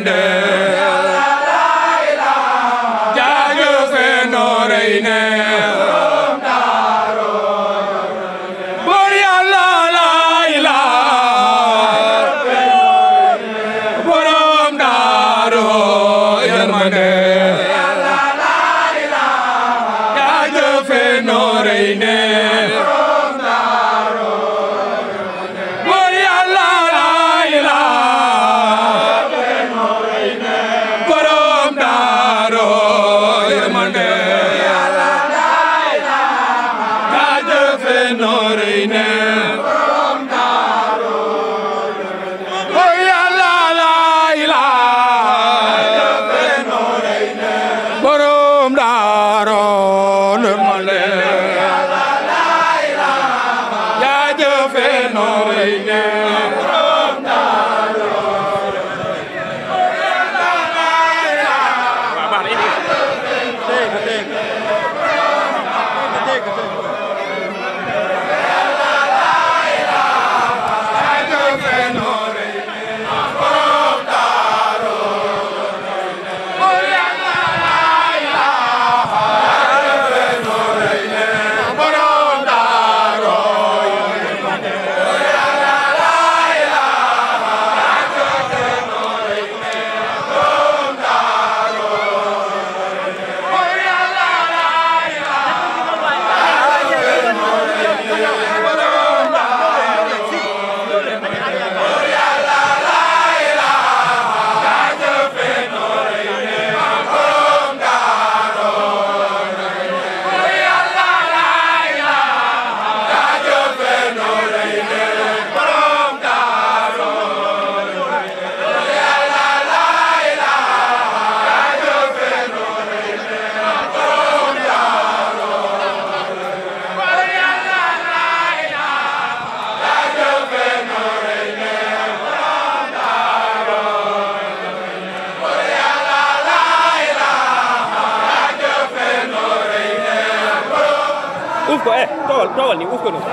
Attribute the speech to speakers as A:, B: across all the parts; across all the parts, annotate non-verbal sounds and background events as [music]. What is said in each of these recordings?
A: mën
B: ko eh toogal toogal nii uuf ko noonu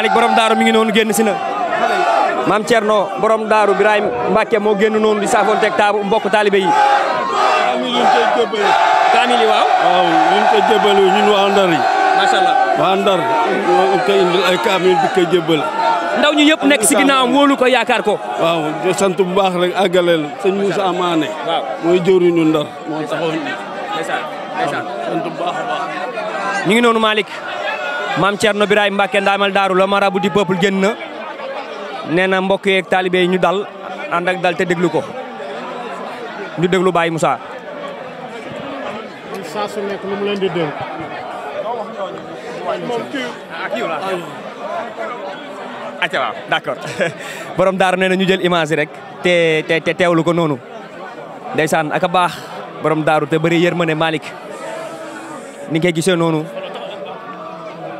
B: Malick borom daaru mi ngi noonu génn si na maam Thierno borom daaru Birahim Mbacke moo génn noonu di saafoonteeg taabu mbokk taalibe yi.
A: kaamil yi ñu koy jébbale. ñu ngi koy jébbale waa Ndar yi. macha ndaw ñi yëpp nekk si ginnaawam wóolu ko yaakaar ko. waaw sant bu baax rek àggaleel sëñ Moussa Mané. waaw mooy jëwriñu
B: Ndar moo taxoon. ndeysaan ndeysaan ngi noonu Malick. maam no Birahim mbakke ndaamal daaru la marabu di peuple génn na nee na mbokk yeeg taalibe yi ñu dal ànd ak dal te déglu ko ñu déglu Baye Moussa.
A: saa su nekk lu mu
B: [laughs] daaru nee na ñu jël image rek te te te teewlu ko noonu ndeysaan ak a baax borom daaru te bëri yërmande Malick ni koy gisee noonu.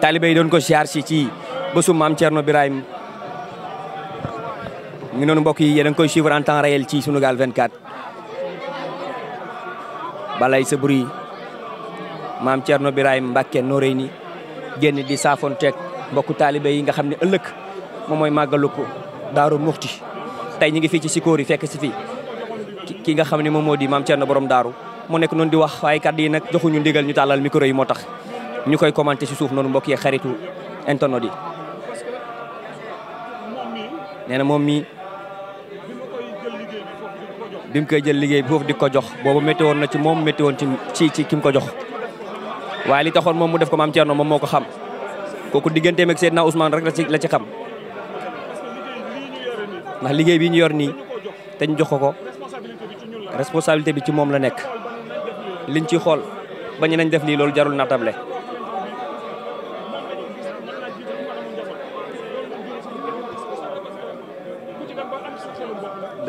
B: taalibe yi doon ko siyaar si ci bésu maam Thierno mu ñu noonu mbokk yi yéen a ngi koy suivre en temps réel ci Sunugal 24. balay sa buri maam Thierno Birahim Mbacke Noreyni génn di saafonteeg mbokku taalibe yi nga xam ne ëllëg moom mooy màggalu ko Daaru Muxti tey ñu ngi fii ci Sikori fekk si fii ki nga xam ni moom moo di maam Thierno borom daaru mu nekk noonu di wax waaye kàddu yi nag joxuñu ndigal ñu tàllal micro yi moo tax. ñu koy commenté ci suuf noonu mbokk yi xaritu internet di nee na moom mii bi mu koy jël liggéey bi foofu di ko jox boobu métti na ci moom métti woon ci ci ki mu ko jox waaye li taxoon moom mu def ko maam Thierno moom moo ko xam kooku digganteem ak Seydina Ousmane rek la ci la ci xam ndax liggéey bi ñu yor nii te ñu jox ko ko responsabilité bi ci moom la nekk liñ ci xool bañ nañ def lii loolu jarul natable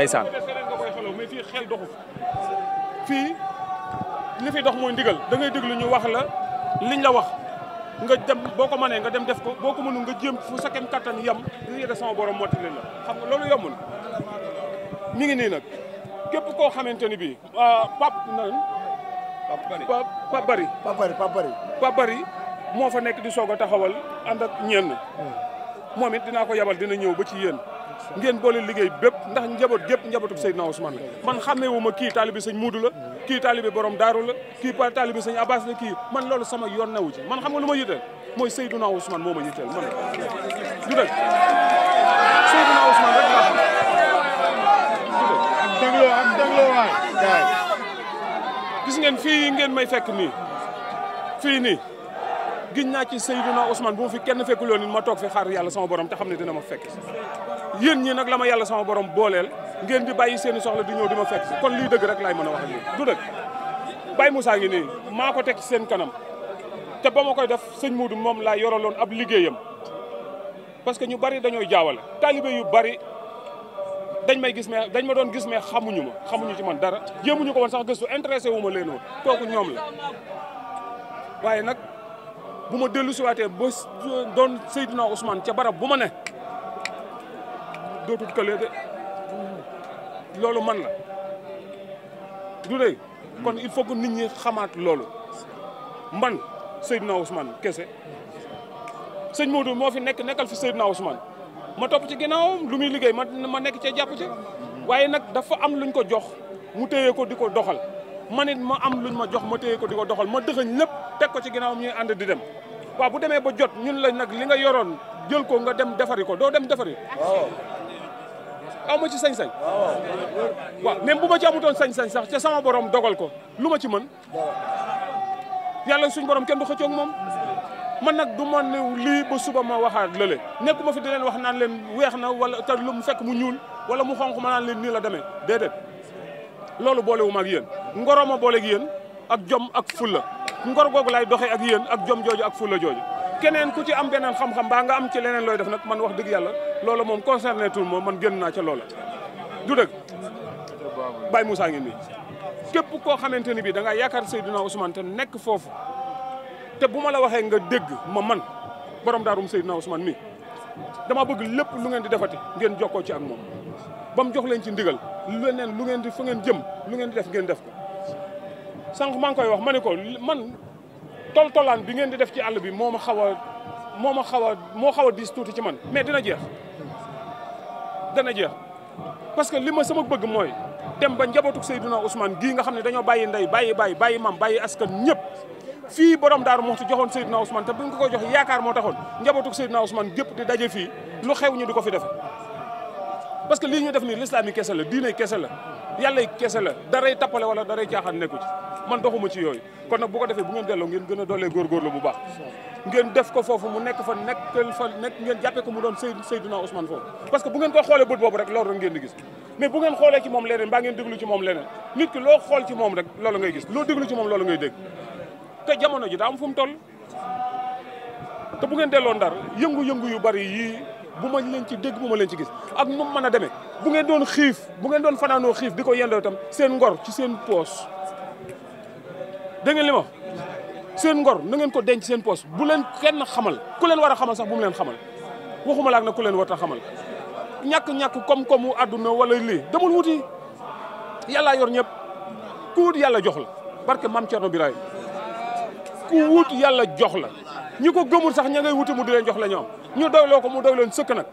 A: ndeysaan fii li fi dox mooy ndigal da ngay déglu ñu wax la liñ la wax nga dem boo ko mënee nga dem def ko boo ko mënul nga jéem fu sa kem kattan yem li de sama borom mottali la xam nga loolu yombul mi ngi nii nag képp koo xamante ni bii ah, pap nan pap bari pap bari pap bari moo fa nekk di soog a taxawal ànd ak ñenn hmm. moom it ko yabal dina ñëw ba ci yéen ngeen boole liggéey bépp ndax njaboot gépp njabootu Seydina Ousmane la man xamee wu ma kii taalibi sëñ Muudu la kii taalibi borom daaru la kii pa taalibi sëñ Abbas na kii man loolu sama yoon newu ci man xam nga lu ma yitteel mooy Seydina Ousmane moo ma yitteel man du dëgg Seydina Ousmane rek laa xam ngeen fii ngeen may nii fii nii giñ naa ci Seydina bu ma fi kenn fekkul yoon ma toog fi xaar yàlla sama borom te xam ne dina ma fekk yéen ñi nag la ma yàlla sama borom booleel ngeen di bàyyi seen i soxla di ñëw di ma fekk kon lii dëgg rek laay mën a wax ak yéen du dëgg Baye Moussa ngi nii maa ko teg ci seen kanam te ba ma koy def sëñ Moodu moom laa loon ab liggéeyam parce que ñu bari dañooy jaawale taalibe yu bari dañ may gis mais dañ ma doon gis mais xamuñu ma xamuñu ci man dara jéemuñu ko woon sax gëstu intéressé wu ma leen woon kooku ñoom la waaye nag bu ma dellu siwaatee ba doon Seydina Ousmane ca barab bu ma ne dootul kële de loolu man la du dégg kon il faut que nit ñi xamaat loolu man Seydina Ousmane kese sëñ Modou moo fi nekk nekkal fi Seydina Ousmane ma topp ci ginnaawam lu muy liggéey ma ma nekk cee jàpp ci waaye nag dafa am luñ ko jox mu téye ko di ko doxal ma it ma am luñ ma jox ma téye ko di ko doxal ma dëxëñ lépp teg ko ci ginnaawam ñuy ànd di dem waa bu demee ba jot ñun lañ nag li nga yoroon jël ko nga dem defari ko doo dem defari. aw ma ci sañ-sañ waaw même bu ma ci amutoon sañ-sañ sax ca sama borom dogal ko lu ma ci mën yàlla suñ borom kenn du xëccoo ak moom man nag du ma ne li ba suba ma waxaat lële nekkuma fi di leen wax naan leen weex na wala te lu mu fekk mu ñuul wala mu xonq ma naan leen nii la demee déedéet loolu boolewuma ak yéen ngoroo ma booleeg yéen ak jom ak fulla ngor googu laay doxee ak yéen ak jom jooju ak fulla jooju keneen ku ci am beneen xam-xam baa nga am ci leneen looy def nag man wax dëgg yàlla loola moom concerné tout moom man génn naa ca loola du dëgg Baye Moussa ngi nii képp koo xamante ni bii da ngaa yaakaar Seydina Ousmane te nekk foofu te bu ma la waxee nga dégg ma man borom daarum Seydina Ousmane mi dama bëgg lépp lu ngeen di defati ngeen jokkoo ci ak moom ba mu jox leen ci ndigal leneen lu ngeen di fu ngeen jëm lu ngeen di def ngeen def ko sànq maa koy wax ma ne ko man tol-tolaan bi ngeen di def ci àll bi moo ma xaw a moo ma xaw a moo a diis tuuti ci man mais dina jeex dana jeex parce que li ma sama bëgg mooy dem ba njabootu Seydina Ousmane gii nga xam ne dañoo bàyyi ndey bàyyi bàyyi bàyyi mam bàyyi askan ñëpp fii borom daaru moxti joxoon Seydina Ousmane te bu ñu ko jox yaakaar moo taxoon njabootu Seydina Ousmane gépp di daje fi lu xew ñu di ko fi def parce que lii ñu def nii l'islam yi kese la diine kese la yàlla kese la daray tappale wala daray caaxaan nekku ci man doxuma ci yooyu kon nag bu ko defee bu ngeen delloo ngeen gën a doolee góorgóorlu bu baax ngeen def ko foofu mu nekk fa nekk ngeen jàppee ko mu doon Seydou Seydina Ousmane foofu parce que bu ngeen ko xoolee bët boobu rek loolu rek ngeen di gis mais bu ngeen xoolee ci moom leneen baa ngeen déglu ci moom leneen nit ki loo xool ci moom rek loolu ngay gis loo déglu ci moom loolu ngay dégg te jamono ji daa am fu mu toll te bu ngeen delloo ndar yëngu-yëngu yu bari yii bu ma leen ci dégg bu ma ci gis ak nu mën a demee bu ngeen doon xiif bu ngeen doon fanaanoo xiif di ko yendoo itam seen ngor ci seen poos dégg ngeen li seen ngor na ngeen ko denc seen poos bu leen kenn xamal ku leen war a xamal sax bu mu leen xamal waxuma laak na ku leen war a xamal ñàkk-ñàkk koom-koomu àdduna wala lii daman wuti yàllaa yor ñëpp ku wut yàlla jox la barke maam Thierno Birahim ku wut yàlla jox la ñi ko gëmul sax ña ngay wuti mu di leen jox la ñoom ñu doyloo ko mu doy leen sëkk nag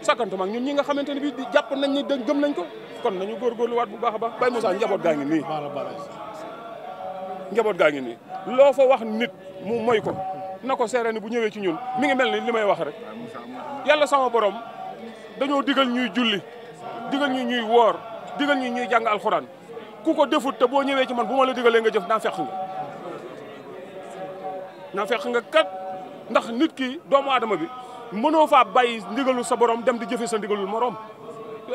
A: sakkantuma ak ñun ñi nga xamante ne bii jàpp nañ ñi ni gëm nañ ko kon nañu góorgóorluwaat bu baax a baax Baye Moussa njaboot gaa ngi nii njaboot gaa ngi nii loo fo wax nit mu moy ko na ko seere ni bu ñëwee ci ñun mi ngi mel ni li may wax rek yàlla sama borom dañoo digal ñuy julli digal ñu ñuy woor digal ñu ñuy jàng alxuraan ku ko defut te boo ñëwee ci man bu ma la digalee nga jëf naa fekk nga naa feq nga kat ndax nit ki doomu aadama bi mënoo faa bay ndigalu sa borom dem di jëfe sa ndigalul morom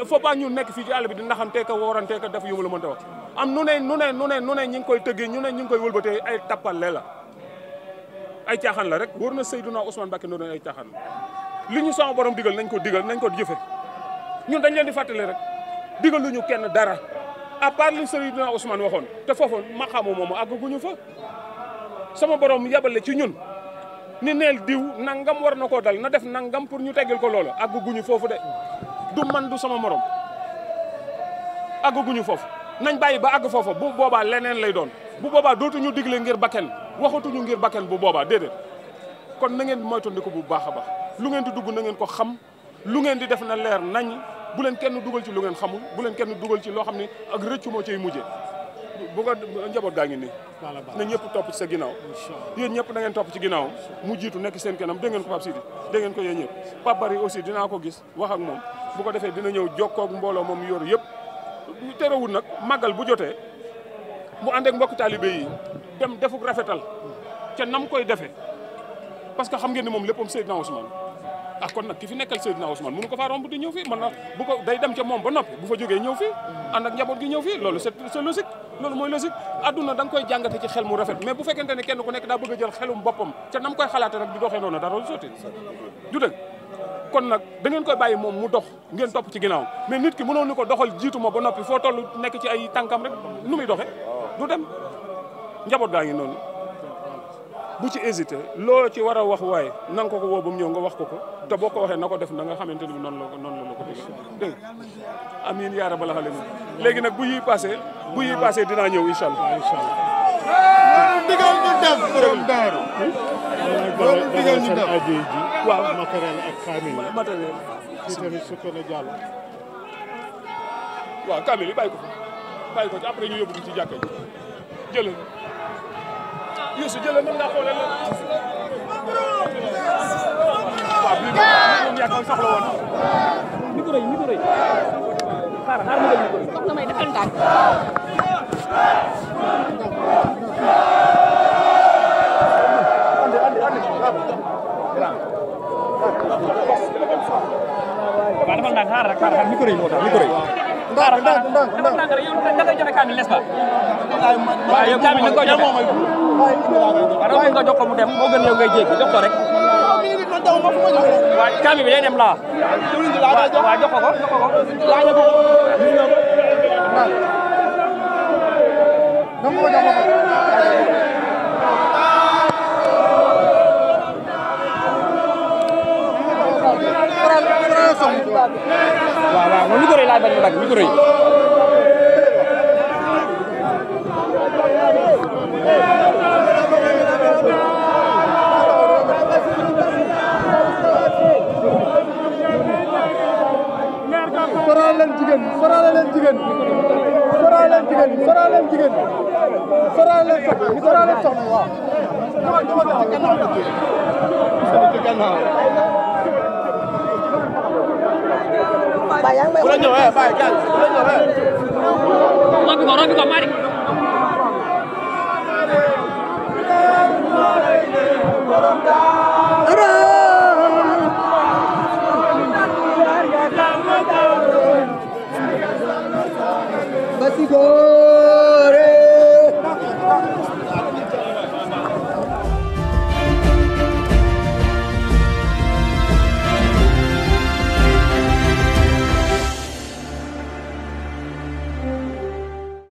A: faut pas ñu nekk fii ci bi di naxanteeka wooranteeka def yu ma la mënta wax am nu ne nu ne nu ne nu ne ñi ngi koy tëggee ñu ne ñi ngi koy wëlbatee ay tappale la ay caaxaan la rek wóor na Seydina Ousmane Bakke noonu ay caaxaan la li ñu sama borom digal nañ ko digal nañ ko jëfe ñun dañ leen di fàttali rek digaluñu kenn dara à part li Seydina Ousmane waxoon te foofu maqaamu moomu àgguñu fa sama borom yabale ci ñun ni neel diw nangam war na koo dal na def nangam pour ñu tegal ko loola àgguñu foofu de du man du sama morom àgguñu foofu nañ bàyyi ba àgg foofa bu boobaa leneen lay doon bu boobaa dootuñu digle ngir bakken waxatuñu ngir bakken bu boobaa déedéet kon na ngeen moytandiku bu baax a baax lu ngeen di dugg na ngeen ko xam lu ngeen di def na leer nañ bu leen kenn dugal ci lu ngeen xamul bu leen kenn dugal ci loo xam ne ak rëccu moo cay mujje bu ko njaboot gaa ngi nii na ñëpp topp ci sa ginnaaw yéen ñëpp na ngeen topp ci ginnaaw mu jiitu nekk seen kanam dégg ngeen ko Pape Sidi dégg ngeen ko yéen ñëpp aussi dinaa ko gis wax ak moom bu ko defee dina ñëw jokkoog mbooloo moom yor yëpp terewul nag màggal bu jotee mu ànd ak mbokk taalibe yi dem defuk rafetal ca nam koy defee parce que xam ngeen ni moom léppam Seydina Ousmane ah kon nag ki fi nekkal Seydina Ousmane mënu ko faa romb di ñëw fii man na bu ko day dem ca moom ba noppi bu fa jógee ñëw fii ànd njaboot gi ñëw fii loolu c'est c'est loolu mooy logique adduna da koy jàngate ci xel mu rafet mais bu fekkente ne kenn ku nekk daa bëgg a jël xelum boppam ca nam koy xalaate rek di doxee noonu dara du sotti du dëgg kon nag da ngeen koy bàyyi moom mu dox ngeen topp ci ginnaaw mais nit ki mënoon ni ko doxal jiitu ma ba noppi foo toll nekk ci ay tànkam rek nu muy doxee du dem njaboot gaa ngi noonu bu ci hésité loo ci war a wax waaye na nga ko ko woo ba mu ñëw nga wax ko ko te boo ko waxee na ko def na nga xamante ni noonu la ko noonu la ko dégg dégg amiin yaa rabbal aalamiin léegi nag bu yi passé bu yi passé dinaa ñëw incha allah incha allah.
B: digal ñu dem borom
A: daaru. loolu digal ñu dem aji ji waaw matériel ak kaamil matériel si tamit su ko ne jàll waaw ko fa bàyyi ko après ñu yóbbu ci jàkka ji Youssou jëlee mën naa xoolal la. waaw bii moom yaakaar sax la woon. micro yi micro yi. xaaral xaaral ma jël micro
B: yi. foog nga may defal ndànk.
A: andi andi andi waaw defal ndànk xaaral xaaral
B: micro yi moo tax micro yi. ndànk ndànk ndànk yow da nga joxe kaamil n'est-ce pas. waaw yow kaamil da nga ko joxe waaw nga jox ko mu dem moo gën yow ngay jéggi jox ko rek.
A: waaw camion bi day dem laa. waaw jox ko ko jox ko ko. waaw waaw
B: man micro yi laay bañ a dagg micro yi.
A: jigéen soraale leen jigéen soraale leen jigéen soraale leen jigéen soraale leen soxna soraale leen soxna waaw. Bayang bayang. Kurang jauh ya, bayang. Kurang jauh ya. Orang juga, orang juga mari.